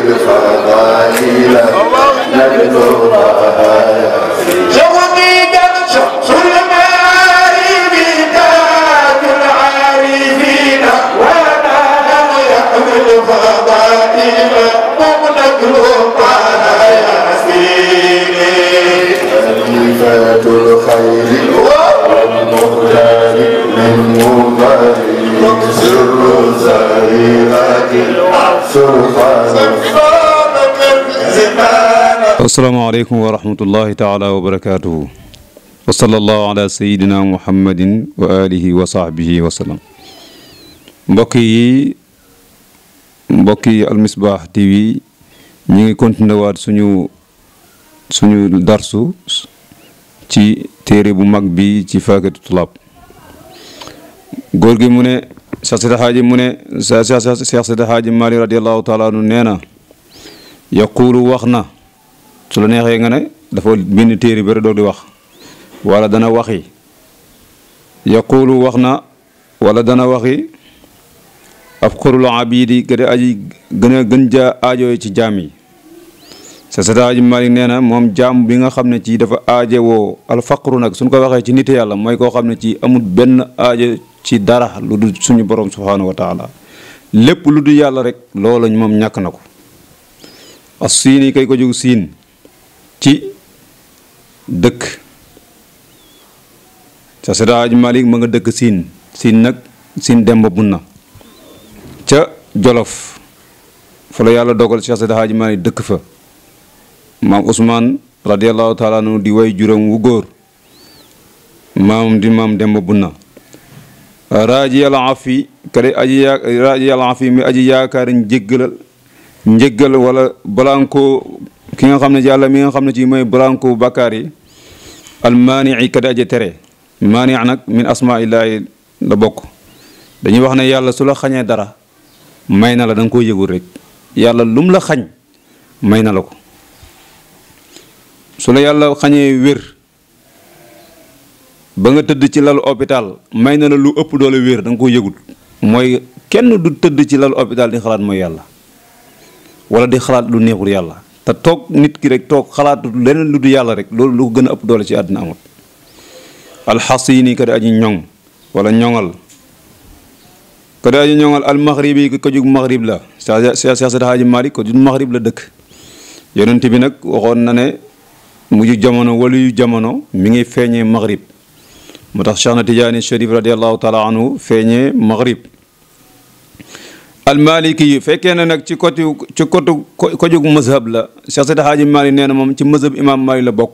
بالفضائل نبلغ asalaamaaleykum wa rahmatullahi taala wa barakaatuhu wa sallallahu ala sayidina muhammadin wa alihi wa sahbihi wa sallam mbokk yi mbokk yi almisbaax tv ñu ngi continué waat suñu suñu darsu ci téere bu mag bi ci faakatu tulaab góor gi mu ne Seex Sidi Xaaji mu ne Seex Sidi Xaaji Maalik radiyallahu taala anhu nee na yaquulu wax na su la neexee nga ne dafa bind téere bëri doo di wax walla dana waxi yaqulu wax na wala dana waxi afqarul abidi gën a aji gën a gën jaa aajooy ci jaam yi sa sataaji Malik nee na moom jaam bi nga xam ne ci dafa aaje woo alfaqru nag suñ ko waxee ci nit yàlla mooy koo xam ne ci amul benn aajo ci dara lu dul suñu borom subhaanahu wa lépp lu dul yàlla rek loola moom ñàkk na ko as siin yi kay ko jóg siin ci dëkk sa sëriñ Malik ma nga dëkk siin siin nag siin Demba Bunna ca Jolof fa la yàlla dogal Cheikh Seydi Hadji Malick dëkk fa maam Ousmane radiallahu taala anhu di way juróom wu maam di maam Demba Bunna raaji yàlla afi kadi aji yaa raaji yàlla afi mi aji yaakaar njéggalal njéggal wala balaa nga koo ki nga xam ne yàlla mi nga xam ne ci mooy branko bàkkaar yi almaanii ka di aje tere maani nag min asmaillaahi la bokk dañuy wax ne yàlla su la xañee dara may na la da nga koo rek yàlla lum la xañ may na la ko su la yàlla xañee wér ba nga tëdd ci lal hôpital may na la lu ëpp doole wér danga nga koo mooy kenn du tëdd ci lalu hôpital di xalaat mooy yàlla wala di xalaat lu neexul yàlla te toog nit ki rek toog xalaatu leneen lu du yàlla rek loolu lu ko gën a ëpp doole ci àddina amut alxas yi nii ka di ñoŋ wala ñoŋal ka di aji ñoŋal almaxrib ko jug maxrib la sa sa sa ko jug maxrib la dëkk yonent bi nag waxoon na ne mujj jamono wala yu jamono mi ngi feeñee maxrib moo tax Cheikh na Tijaani Chérif radiallahu taala feeñee maxrib almaliki yi fekkee ne nag ci côté ci côté mazhab la Cheikh Seydi Hadji Malick nee moom ci mazhab imam Malick la bokk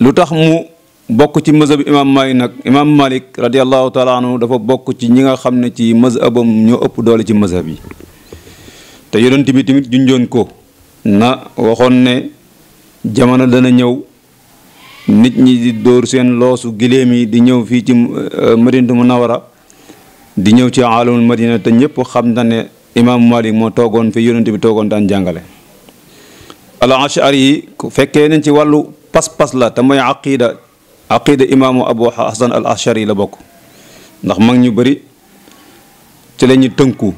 lu tax mu bokk ci mazhab imam Malick nag imam Malick radiallahu taala anhu dafa bokk ci ñi nga xam ne ci mazhabam ñoo ëpp doole ci mazhab yi te yonent bi tamit junjoon ko na waxoon ne jamono dana ñëw nit ñi di dóor seen loosu giléem yi di ñëw fii ci eh, Madinatu Munawara di ñëw ci alamul madina te ñëpp xam na ne imaamu malik moo toogoon fi yonent bi toogoon daan jàngale al ashari yi fekkee nañ ci wàllu pas-pas la te mooy aqida aqida imaamu abu hasan al ashari la bokk ndax mag ñu bëri ci la ñu tënku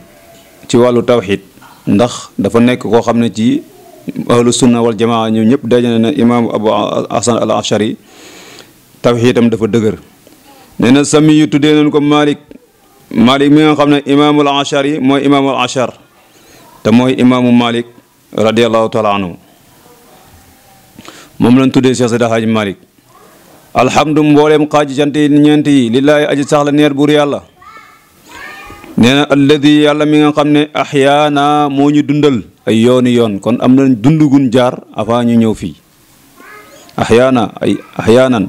ci wàllu tawxid ndax dafa nekk koo xam ne ci ahlu sunna wal jamaa ñoom ñëpp dajane na imaamu abu hasan al ashari tawxidam dafa dëgër nee na tuddee nañ ko malik Malik mi nga xam ne imaamul achar yi mooy imaamul achar te mooy imaamu Malik radiallahu taala anhu moom lañ tuddee Cheikh Seydi Hadji Malik alhamdu mbooleem xaaji cant yi ñeent yi lillaahi aji saxla neer buur yàlla nee na alladi yàlla mi nga xam ne axyaana moo ñu dundal ay yooni yoon kon am nañ dundugun jaar avant ñu ñëw fii axyaana ay axyaanan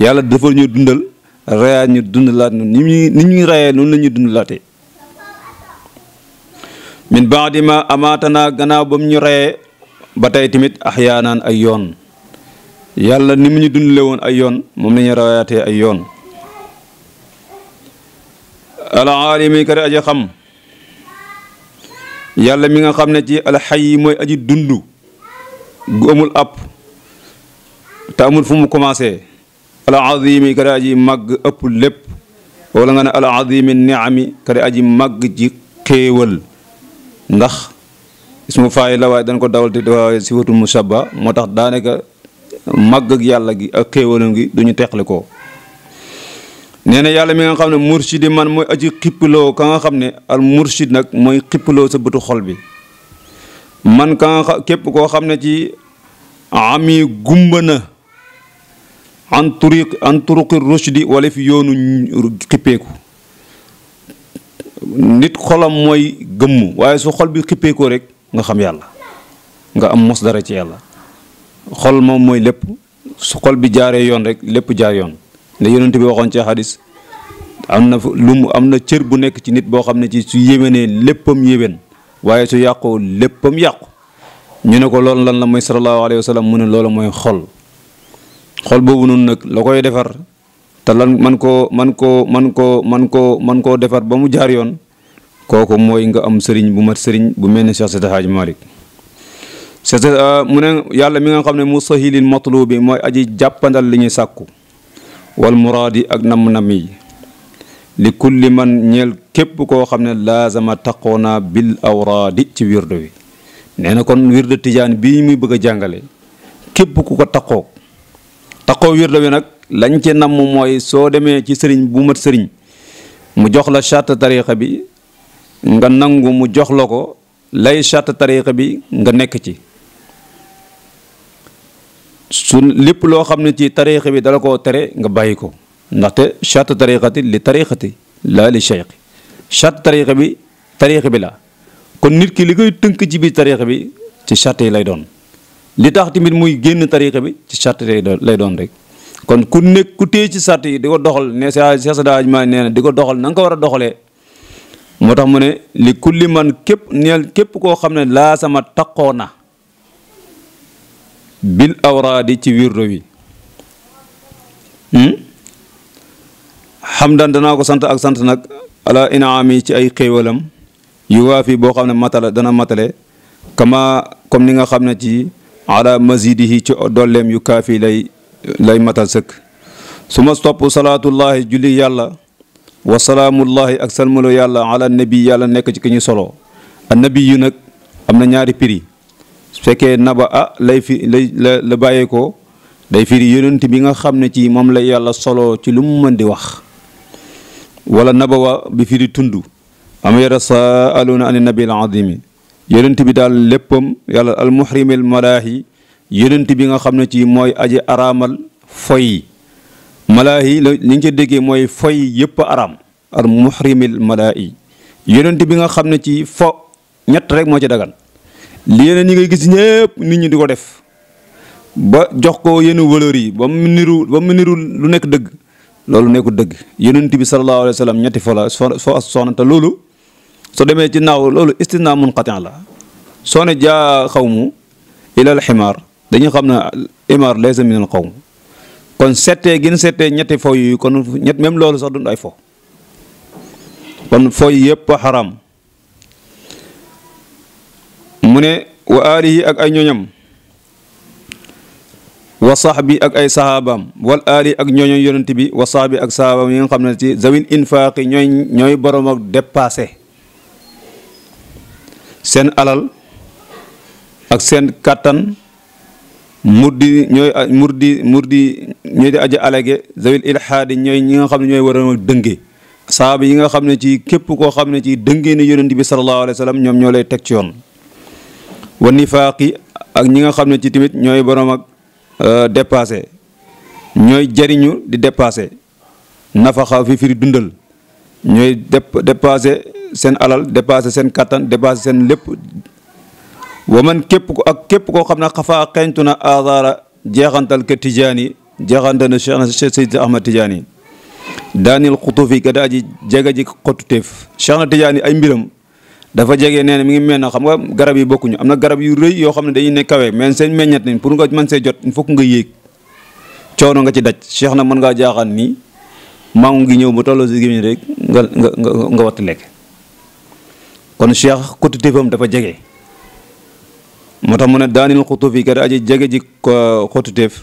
yàlla dafa ñu dundal rayaat ñu dund laat ni mu ni ñuy rayee noonu la ñuy dund laate min baadi ma amaatanaa gannaaw ba mu ñu rayee ba tey tamit axyaanaan ay yoon yàlla ni mu ñu dundle woon ay yoon moom la ñu rayaatee ay yoon alaalimi kari aji xam yàlla mi nga xam ne ci alxay yi mooy aji dund gu amul app te amul fu mu commencé alazimi kada aji màgg ëpp lépp wala nga ne alazimi niami kada aji màgg ji xéewal ndax ismu faay la waaye dañ ko dawal te waaye sifatul musabba moo tax daanaka màgg ak yàlla gi ak xéewalam gi duñu teqli ko nee na yàlla mi nga xam ne murshidi man mooy aji xippiloo ka nga xam ne al murshid nag mooy xippiloo sa bëtu xol bi man ka nga képp koo xam ne ci ami gumba na an turiq an turuqi rushdi wala fi yoonu xippeeku nit xolam mooy gëmm waaye su xol bi xippeekoo rek nga xam yàlla nga am mos dara ci yàlla xol moom mooy lépp su xol bi jaaree yoon rek lépp jaar yoon ne yonent bi waxoon ci xadis am na lu mu am na cër bu nekk ci nit boo xam ne ci su yéwénee léppam yéwén waaye su yàqoo léppam yàqu ñu ne ko loolu lan la mooy sallallahu alayhi wa sallam mu ne loolu mooy xol xol boobu noonu nag loo koy defar te lan man koo man koo man koo man koo man koo defar ba mu jaar yoon kooku mooy nga am sëriñ bu mat sëriñ bu mel ne Cheikh Seydi Hadji Malick Cheikh ah, mu ne yàlla mi nga xam ne mu sahilil matlubi mooy aji jàppandal li ñuy sàkku wal muraadi ak nam-nam yi li kulli man ñeel képp koo xam ne laazama taqoona bil awraadi ci wirdo wi nee na kon wirdu tijaan bi muy bëgg a jàngale képp ku ko taqoo taxoo wirdo wi nag lañ ci namm mooy soo demee ci sëriñ bu mat sëriñ mu jox la charte tarixa bi nga nangu mu jox la ko lay charte tarixa bi nga nekk ci su lépp loo xam ne ci tarixa bi dala koo tere nga bàyyi ko ndaxte charte tarixati li tarixati laa li cheikh charte tarixa bi tarixa bi la kon nit ki li koy tënk ci biir tarixa bi ci charte yi lay doon li tax timit muy génn tariqa bi ci charte lay doon rek kon ku nekk ku téye ci sart yi di ko doxal ne sa daa daajmaa nee na di ko doxal na nga war a doxalee moo tax mu ne li kulli man képp neel képp koo xam ne laa sama taqoo na bil awraadi ci wirdo wi xamdan hmm? danaa ko sant ak sant nag ala inaami ci ay xéewalam yu waa fii boo xam ne matala dana matale kama comme ni nga xam ne ci ala mazidihi ci dolleem yu kaafi lay lay matal sëkk su ma topp salaatullahi julli yàlla wa salaamullahi ak salmalo yàlla ala nabi yàlla nekk ci ki ñu solo annabi yu nag am na ñaari prix su fekkee naba ah lay fi lay la la bàyyeekoo day firi yonent bi nga xam ne ci moom la yàlla solo ci lu mu mën di wax wala nabawa bi firi tund am yara saaluuna an nabi al azimi yonent bi daal léppam yàlla al muhrimil malaahi yonent bi nga xam ne ci mooy aji araamal foy malaahi li ñu ca déggee mooy foy yëpp araam al muhrimil malaahi yonent bi nga xam ne ci fo ñett rek moo ci dagan li yeneen ñi ngay gis nit ñi di ko def ba jox ko yenn valeur yi ba mu niru ba mu lu nekk dëgg loolu nekku dëgg yonent bi sallallahu alayhi wa ñetti fo la soxna te loolu soo demee ci naaw loolu istisna munqatin la soo ne jaa xawmu ilal ximaar dañuy xam ne imaar laysa min al xawm kon settee gin settee ñetti fo yu kon ñett loolu sax dund ay fo kon fo yëpp a xaram mu ne wa aalihi ak ay ñoñam wa bi ak ay sahabaam wal aali ak ñooñu yonent bi wa bi ak sahabaam yi nga xam ne ci zawin infaaqi ñooy ñooy borom ak dépassé seen alal ak seen kàttan murdi ñooy murdi murdi ñooy di aja alage zawil ilhaadi ñooy ñi nga xam ne ñooy war dënge saaba yi nga xam ne ci képp koo xam ne ci dëngee ne yonent bi sallallahu alayhi wa ñoom ñoo lay teg ci yoon wa nifaaqi ak ñi nga xam ne ci tamit ñooy borom ak euh, dépassé ñooy jariñu di dépassé nafaxa fi firi dundal ñooy dépassé seen alal dépassé seen kattan dépassé seen lépp wa man képp ko ak képp koo xam ne xafaa xeñtu na aadaara jeexantal ke Tijaani jeexantal na Cheikh Seydi Ahmad Tijaani daanil xutufi ka daa ji jege ji xottuteef Cheikh na Tijaani ay mbiram dafa jege nee na mi ngi mel na xam nga garab yi bokkuñu am na garab yu rëy yoo xam ne dañuy ne kawe mais seen meññat nañ pour nga mën see jot il faut nga yéeg coono nga ci daj Cheikh na mën ngaa jaaxaan ni maa ngi ñëw ba tolloo rek nga nga nga lekk kon cheikh xottitéefam dafa jege moo tax mu ne daanil xutuufi kat aji jege ji xottitéef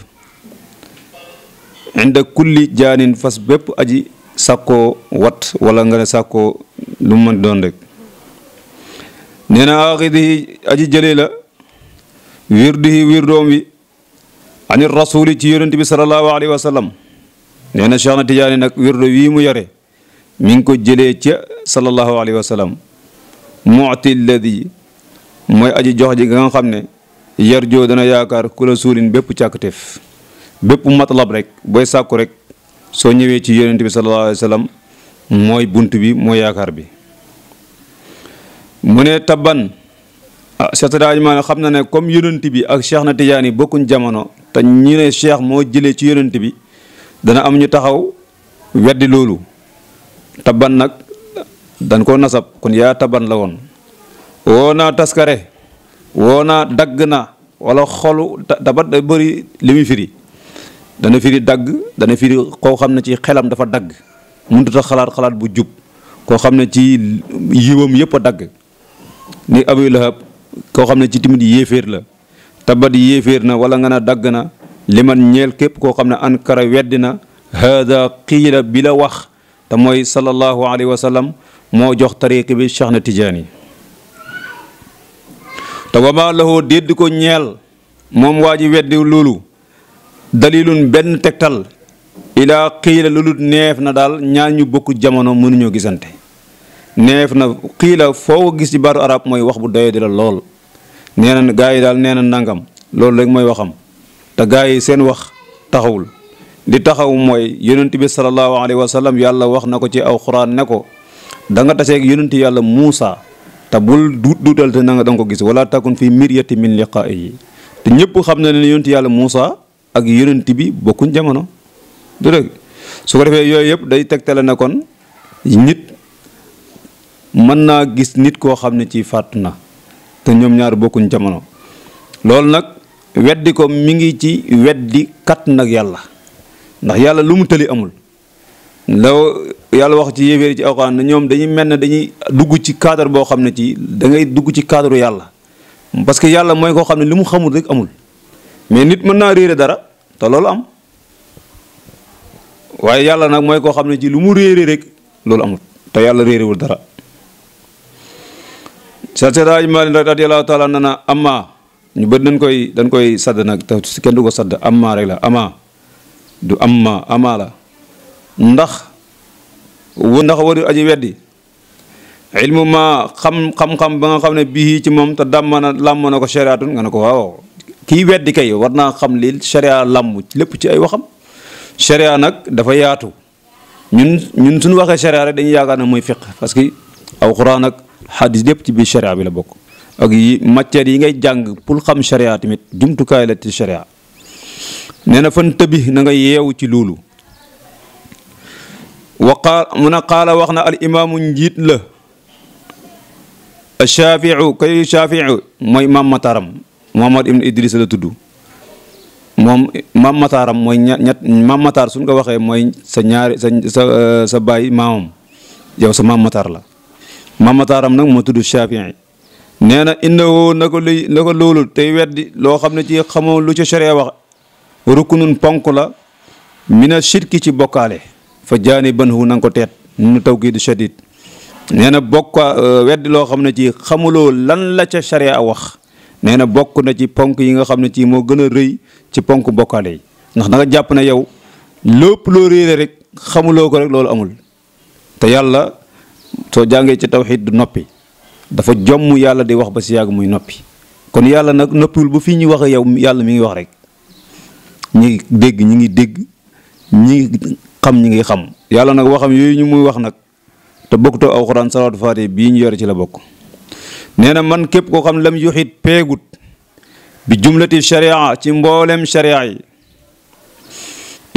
inda kulli jaanin fas bépp aji sàkkoo wat wala nga ne sàkkoo lu doon rek nee na aaxidi aji jëlee la wirdihi wirdoom wi an rasuli ci yonent bi salallaahu alayhi wa sallam nee na cheikh na tijaani nag wirdo wii mu yore mi ngi ko jëlee ca salallaahu alayhi wa mu'ti lladi mooy aji jox ji nga xam ne yarjoo dana yaakaar ku la suulin bépp càkkatéef bépp matlab rek booy sàkku rek soo ñëwee ci yonent bi sallallahu alayhi mooy bunt bi mooy yaakaar bi mu ne taban ah Cheikh Sadji maa ne xam na ne comme yonent bi ak Cheikh na Tidiane bokkuñ jamono te ñu ne Cheikh moo jëlee ci yonent bi dana am ñu taxaw weddi loolu tabban nag dan koo nasab kon yaa taban la woon woo naa taskare woo naa dagg na wala xolu tabat da bëri li firi dana firi dagg dana firi koo xam ne ci xelam dafa dagg mënut a xalaat xalaat bu jub koo xam ne ci yiwam yëpp a dagg ni Abu Lahab koo xam ne ci timit yéeféer la tabat yéeféer na wala nga ne dagg na li ñeel képp koo xam ne ankara weddi na haada qiila bi la wax te mooy sallallahu alayhi wa moo jox tariqa bi Cheikh na Tijaan yi te wama lahoo dédd ko ñeel moom waa ji weddi loolu dalilun benn tegtal ilaa xiila loolu neef na daal ñaar ñu bokk jamono mënuñoo gisante neef na xiila foo ko gis ci baaru arab mooy wax bu doyee di la lool nee gaa yi daal nee na nangam loolu rek mooy waxam te gaa yi seen wax taxawul di taxaw mooy yonent bi sallallahu alayhi wa sallam yàlla wax na ko ci aw xuraan ne ko da nga taseeg yonenti yàlla Muusa te bul duut duutal te nanga nga da nga ko gis wala takun fii miryati min liqaa'ihi te ñëpp xam na ne yonenti yàlla Muusa ak yonenti bi bokkuñ jamono du dëgg defee yooyu yëpp day tegtale na kon nit mën naa gis nit koo xam ne ci fàttu na te ñoom ñaar bokkuñ jamono loolu nag weddi ko mu ngi ci weddi kat nag yàlla ndax yàlla lu mu tëli amul law yàlla wax ci yéeféer ci alxuraan ñoom dañuy mel ne dañuy dugg ci cadre boo xam ne ci dangay dugg ci cadre yàlla parce que yàlla mooy koo xam ne li mu xamul rek amul mais nit mën naa réere dara te loolu am waaye yàlla nag mooy koo xam ne ci lu mu réere rek loolu amul te yàlla réerewul dara sa seddaaj maalin radiyallaahu taala nana amma ñu bët dañ koy dañ koy sadd nag te kenn du ko sadd amma rek la amma du amma amma la ndax wu ndax war aji weddi ilmu ma xam xam-xam ba nga xam ne bii ci moom te dàmm na làmm na ko shariatun nga ne ko waaw kii weddi kay war naa xam li sharia làmm lépp ci ay waxam sharia nag dafa yaatu ñun ñun suñu waxee sharia rek dañuy yaakaar na mooy fiq parce que alxuraan ak xadis lépp ci biir sharia bi la bokk ak yi matières yi ngay jàng pour xam sharia tamit jumtukaay la ci sharia nee na fan tëbi na nga yeewu ci loolu وقال من قال وقنا الامام نجيت له الشافعي كي الشافعي ما امام مطرم محمد ابن ادريس له تدو مام مام مطرم ما نيت مام مطر سنك وخه ما سنيار سباي مام جاو سمام مطر لا مام مطرم نك متدو الشافعي نانا انه نقول نقول لول تي ويد لو خامني تي خمو لو تشريع وخ ركنون بونكو لا من الشرك تي بوكاله fa jaani ban hu na ko teet nu taw kii du shadid nee na bokk euh, weddi loo xam ne ci xamuloo lan la ca sharia wax nee na bokk na ci ponk yi nga xam ne ci moo gën a rëy ci ponk bokkaale yi ndax da jàpp na yow lépp loo réere rek xamuloo ko rek loolu amul te yàlla soo jàngee ci tawxiid du noppi dafa jomm yàlla di wax ba si yàgg muy noppi kon yàlla nag noppiwul ba fii ñu wax yow yàlla mi ngi wax rek ñi ngi dégg ñi ngi dégg xam ñi ngi xam yàlla nag waxam yooyu ñu muy wax nag te bokkutoo alxuraan salaatu faatiha bii ñu yore ci la bokk nee na man képp koo xam lam yuxit peegut bi jumlati sharia ci mboolem sharia yi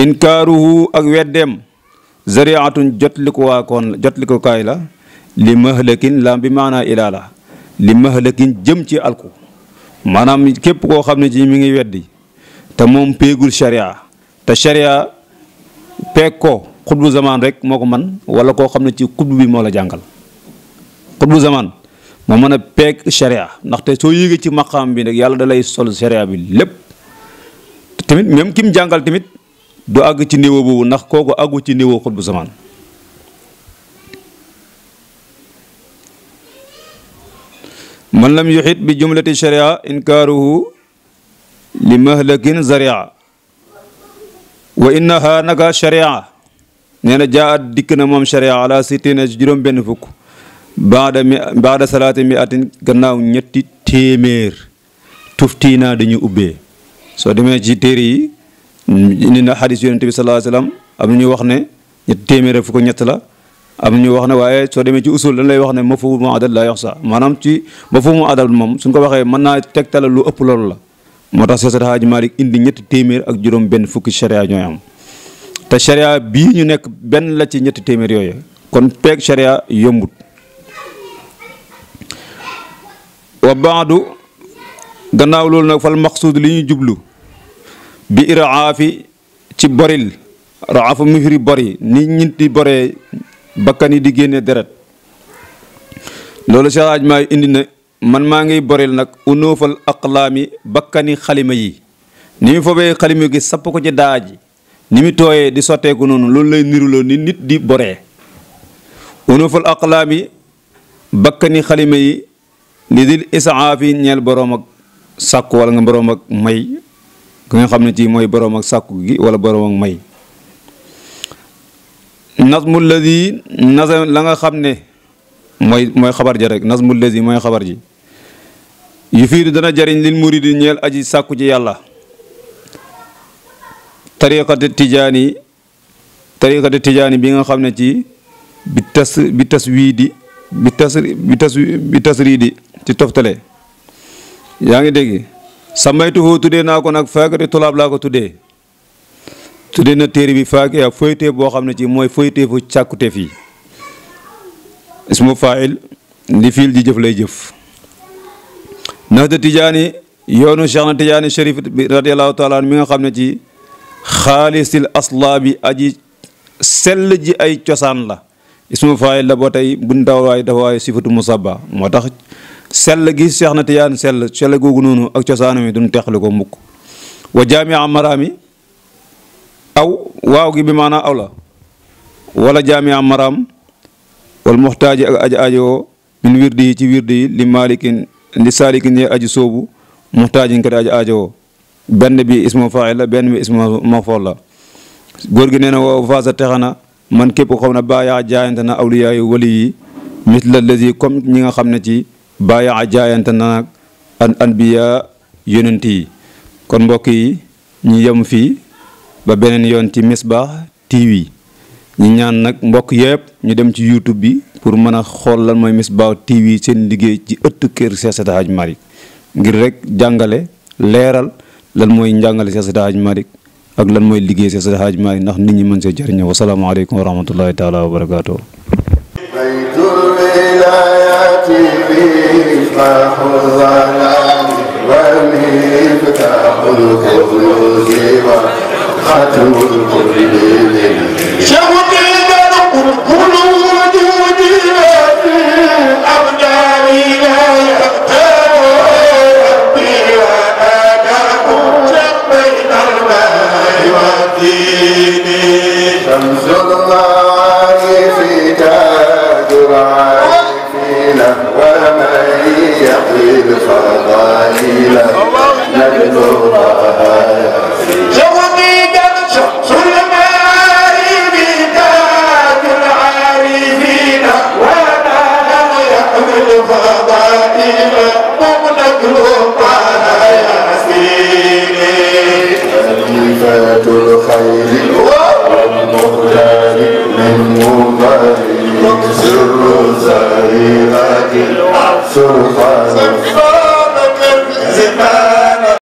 inkaaruhu ak weddeem zariatun jotlikuwaakoon jotlikukaay la li mahlakin la bi maanaa ilaa la li mahlakin jëm ci alku maanaam képp koo xam ne ci mi ngi weddi te moom péegul sharia te sharia peeg ko xutbu zamaan rek moo ko man wala koo xam ne ci xutbu bi moo la jàngal xutbu zamaan moo mën a peeg sharia ndaxte soo yéegee ci maqaam bi nag yàlla da sol sharia bi lépp tamit même kim jàngal tamit du àgg ci niveau boobu ndax kooku àggu ci niveau xutbu zamaan man lam yuxit bi jumlati sharia inkaaruhu li mahlakin zaria wa innaha naka sharia nee na jaa at dikk na moom sharia ala sittina juróom benn fukk baada mi baada salaati mi atin gannaaw ñetti téeméer tuftiinaa dañu ubbee soo demee ci téere yi indi na xadis yonente bi salaa sallam am ñu wax ne ñetti téeméer fu ko ñett la am na ñu wax ne waaye soo demee ci usul la lay wax ne mafhumu adad la yox sa maanaam ci mafhumu adad moom suñ ko waxee mën naa tegtala lu ëpp loolu la moo tax Seex Alxaaji Maalik indi ñetti téeméer ak juróom benn fukki sharia ñooy am te sharia bii ñu nekk benn la ci ñetti téeméer yooyu kon peeg sharia yombut wa baadu gannaaw loolu nag fal maqsuud li ñu jublu bi iraafi ci boril raafu mu firi bori ni ñit boree bakkan yi di génnee deret loolu Seex Alxaaji Maalik indi na man maa ngi boreel nag unoofal aqlaami bakkani xalima yi ni mu fobee xalima gi sapp ko ci daa ji ni mi tooyee di sotteeku noonu loolu lay niruloo ni nit di boree unoofal aqlaami bakkani xalima yi li dil isaafi ñeel boroom ak sàkku wala nga boroom ak may ki nga xam ne ci mooy boroom ak sàkku gi wala boroom ak may nasmu lazi nasam la nga xam ne mooy mooy xabar ja rek nasmu lazi mooy xabar ji yu yufiidu dana jariñ lil muridi ñeel aji sàkku ci yàlla tariqati tijaani tariqati tijaani bi nga xam ne ci bi tas bi tas wii di bi tas bi tas bi tasriidi ci toftale yaa ngi dégg samaytuhu tuddee naa ko nag faakati tulaab laa ko tuddee tuddee na téere bi faaki ak foyteef boo xam ne ci mooy foyteefu càkkuteef yi ismu fail li fiil ji jëf lay jëf nahda tijaani yoonu Cheikh na tijaani Chérif radiallahu taala mi nga xam ne ci xaalisil aslaabi aji sell ji ay cosaan la ismu faayil la boo tey buñ daw waaye dafa waaye sifatu musabba moo tax sell gi Cheikh na tijaan sell sell googu noonu ak cosaanam yi duñ teqali ko mukk wa jaamia maraami aw waaw gi bi maanaa aw la wala jaamia maraam wal muxtaaji ak aja ajoo min wirdi ci wirdi li maalikin li saalikin ñee aji soobu muxtaajin ko di aji aajowoo benn bi ismo faa'il la benn bi ismu maf'uul la góor gi nee na woo faasa texana man képp ko xam ne jaayante na awliyaayu wali yi misla lazi comme ñi nga xam ne ci baayaa jaayante na nag an anbiya yonent yi kon mbokk yi ñu yem fii ba beneen yoon ci Misbah TV ñu ñaan nag mbokk yëpp ñu dem ci youtube bi pour mën a xool lan mooy Misbah TV seen liggéey ci ëtt kër Cheikh Seydi Hadji ngir rek jàngale leeral lan mooy njàngale Cheikh Seydi Hadji ak lan mooy liggéey Cheikh Seydi Hadji Malick ndax nit ñi mën see jëriñoo wasalaamaaleykum wa rahmatullahi taala wa barakaatu ومفتاح الخلود وختم القلوب